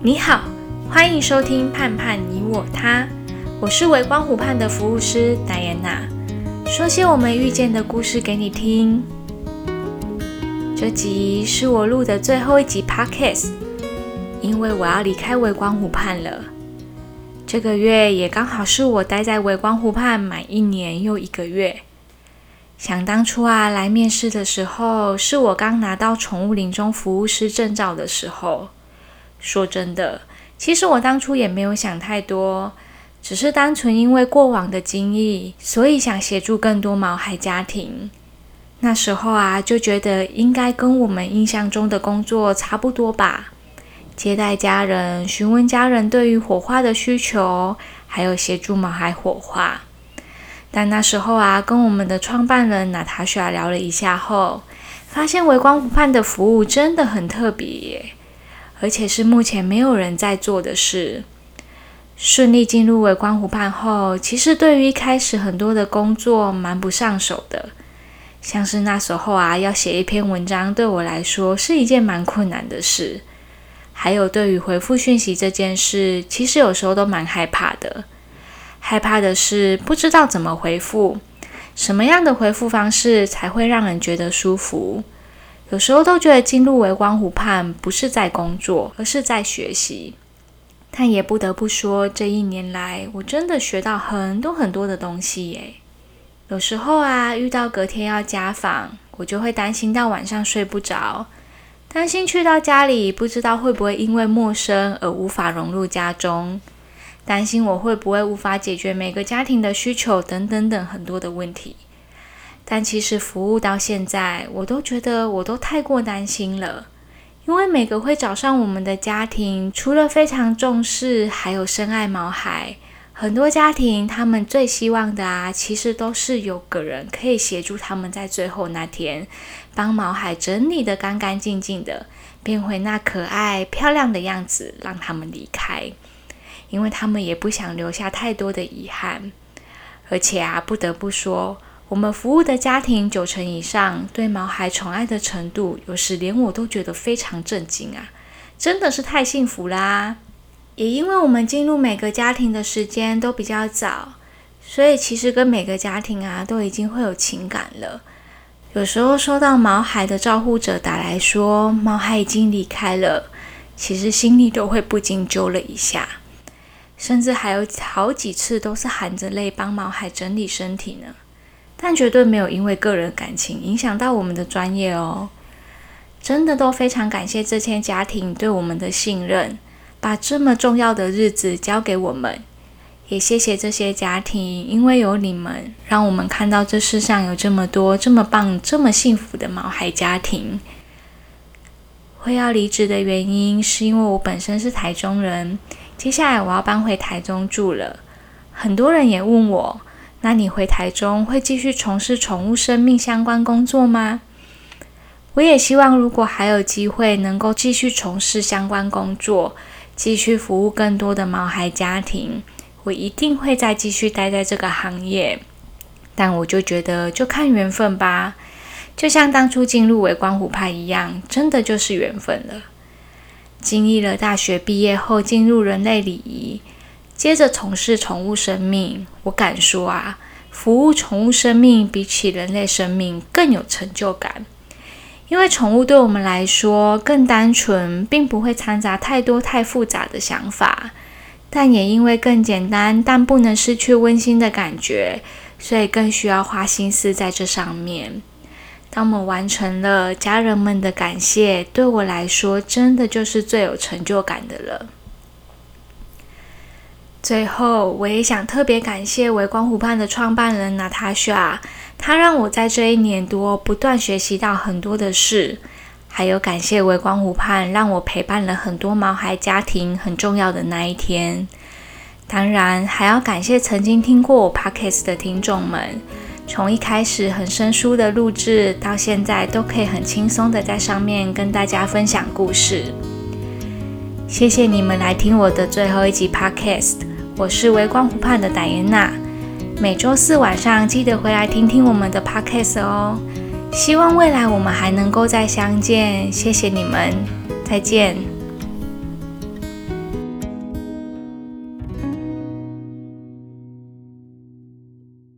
你好，歡迎收聽《盼盼你我他》，我是微光湖盼的服務師 Diana，說些我們遇見的故事給你聽。這集是我錄的最後一集 podcast，嗯，因為我要離開微光湖盼了。這個月也剛好是我待在微光湖盼滿一年又一個月。想當初啊，來面試的時候，是我剛拿到寵物臨終服務師證照的時候。說真的，其實我當初也沒有想太多，只是單純因為過往的經歷，所以想協助更多毛孩家庭。那時候啊，就覺得應該跟我們印象中的工作差不多吧？接待家人，詢問家人對於火化的需求，還有協助毛孩火化。但那時候啊，跟我們的創辦人娜塔莎聊了一下後，發現微光湖盼的服務真的很特別耶，而且是目前沒有人在做的事。順利進入微光湖盼後，其實對於一開始很多的工作蠻不上手的。像是那時候啊，要寫一篇文章，對我來說是一件蠻困難的事。還有對於回覆訊息這件事，其實有時候都蠻害怕的。害怕的是不知道怎麼回覆，什麼樣的回覆方式才會讓人覺得舒服。有時候都覺得進入微光湖盼不是在工作，而是在學習。但也不得不說，這一年來我真的學到很多很多的東西耶。有時候啊，遇到隔天要家訪，我就會擔心到晚上睡不着，擔心去到家裡不知道會不會因為陌生而無法融入家中，擔心我會不會無法解決每個家庭的需求等等等很多的問題。但其實服務到現在，我都覺得我都太過擔心了，因為每個會找上我們的家庭，除了非常重視，還有深愛毛孩。很多家庭他們最希望的啊，其實都是有個人可以協助他們在最後那天，幫毛孩整理得乾乾淨淨的，變回那可愛漂亮的樣子，讓他們離開，因為他們也不想留下太多的遺憾。而且啊，不得不說。我們服務的家庭九成以上對毛孩寵愛的程度，有時連我都覺得非常震驚啊！真的是太幸福啦啊！也因為我們進入每個家庭的時間都比較早，所以其實跟每個家庭啊都已經會有情感了。有時候收到毛孩的照顧者打來說，毛孩已經離開了，其實心裡都會不禁揪了一下，甚至還有好幾次都是含着淚幫毛孩整理身體呢。但絕對沒有因為個人感情影響到我們的專業哦！真的都非常感謝這些家庭對我們的信任，把這麼重要的日子交給我們。也謝謝這些家庭，因為有你們，讓我們看到這世上有這麼多、這麼棒、這麼幸福的毛孩家庭。會要離職的原因，是因為我本身是台中人，接下來我要搬回台中住了。很多人也問我。那你回台中會繼續從事寵物生命相關工作嗎？我也希望，如果還有機會，能夠繼續從事相關工作，繼續服務更多的毛孩家庭，我一定會再繼續待在這個行業。但我就覺得，就看緣分吧。就像當初進入微光湖盼一樣，真的就是緣分了。經歷了大學畢業後進入人類禮儀。接着從事寵物生命，我敢說啊，服務寵物生命比起人類生命更有成就感，因為寵物對我們來說更單純，並不會摻雜太多太複雜的想法，但也因為更簡單，但不能失去溫馨的感覺，所以更需要花心思在這上面。當我們完成了家人們的感謝，對我來說，真的就是最有成就感的了。最後，我也想特別感謝微光湖盼的創辦人娜塔莎，她讓我在這一年多不斷學習到很多的事，還有感謝微光湖盼讓我陪伴了很多毛孩家庭很重要的那一天。當然，還要感謝曾經聽過我 Podcast 的聽眾們，從一開始很生疏的錄製，到現在都可以很輕鬆的在上面跟大家分享故事。謝謝你們來聽我的最後一集 Podcast。我是微光湖畔的 Diana，每周四晚上記得回來聽聽我們的 podcast 哦。希望未來我們還能夠再相見，謝謝你們，再見。